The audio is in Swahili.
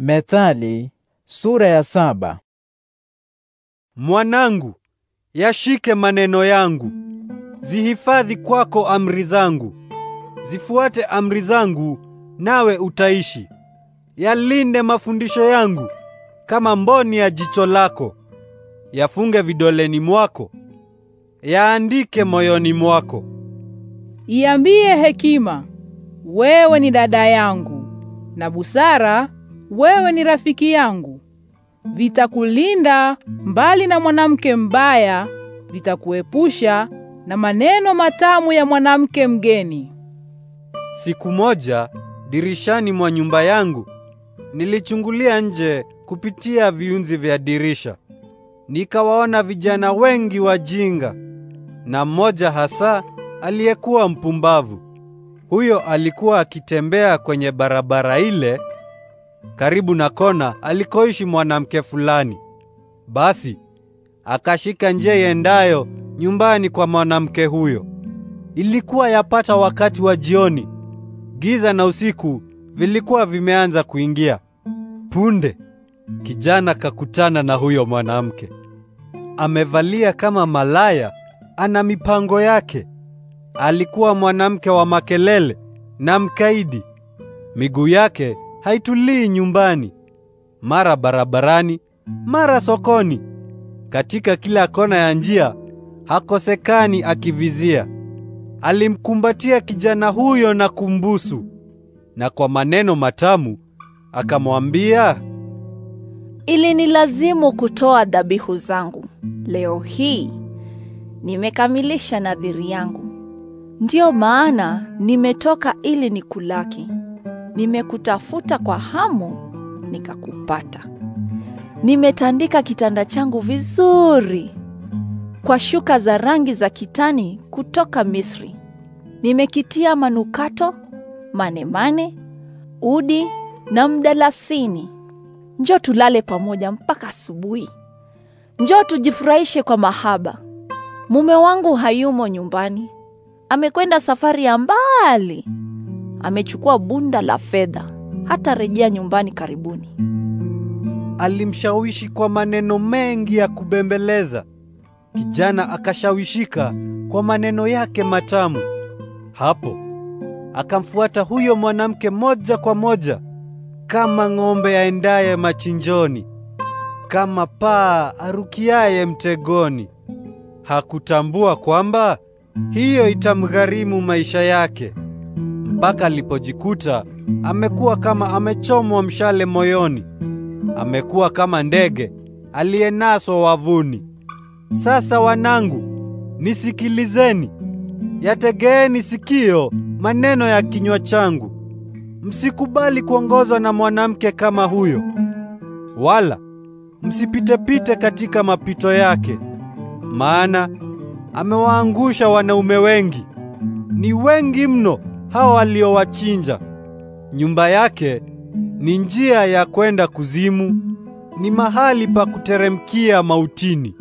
Methali sura ya saba. Mwanangu, yashike maneno yangu, zihifadhi kwako amri zangu. Zifuate amri zangu, nawe utaishi. Yalinde mafundisho yangu kama mboni ya jicho lako. Yafunge vidoleni mwako, yaandike moyoni mwako. Iambie hekima, wewe ni dada yangu, na busara wewe ni rafiki yangu, vitakulinda mbali na mwanamke mbaya, vitakuepusha na maneno matamu ya mwanamke mgeni. Siku moja dirishani mwa nyumba yangu nilichungulia nje kupitia viunzi vya dirisha, nikawaona vijana wengi wajinga na mmoja hasa aliyekuwa mpumbavu. Huyo alikuwa akitembea kwenye barabara ile karibu na kona alikoishi mwanamke fulani. Basi akashika njia yendayo nyumbani kwa mwanamke huyo. Ilikuwa yapata wakati wa jioni, giza na usiku vilikuwa vimeanza kuingia. Punde kijana kakutana na huyo mwanamke, amevalia kama malaya, ana mipango yake. Alikuwa mwanamke wa makelele na mkaidi, miguu yake haitulii nyumbani, mara barabarani, mara sokoni. Katika kila kona ya njia hakosekani akivizia. Alimkumbatia kijana huyo na kumbusu, na kwa maneno matamu akamwambia, ili ni lazimu kutoa dhabihu zangu leo hii. Nimekamilisha nadhiri yangu, ndiyo maana nimetoka ili nikulaki nimekutafuta kwa hamu nikakupata. Nimetandika kitanda changu vizuri kwa shuka za rangi za kitani kutoka Misri. Nimekitia manukato, manemane, udi na mdalasini. Njoo tulale pamoja mpaka asubuhi. Njoo tujifurahishe kwa mahaba. Mume wangu hayumo nyumbani, amekwenda safari ya mbali amechukua bunda la fedha, hata rejea nyumbani karibuni. Alimshawishi kwa maneno mengi ya kubembeleza. Kijana akashawishika kwa maneno yake matamu. Hapo akamfuata huyo mwanamke moja kwa moja, kama ng'ombe aendaye machinjoni, kama paa arukiaye mtegoni. Hakutambua kwamba hiyo itamgharimu maisha yake mpaka alipojikuta amekuwa kama amechomwa mshale moyoni, amekuwa kama ndege aliyenaswa wavuni. Sasa wanangu, nisikilizeni, yategeeni sikio maneno ya kinywa changu. Msikubali kuongozwa na mwanamke kama huyo, wala msipitepite katika mapito yake, maana amewaangusha wanaume wengi, ni wengi mno hao waliowachinja. Nyumba yake ni njia ya kwenda kuzimu, ni mahali pa kuteremkia mautini.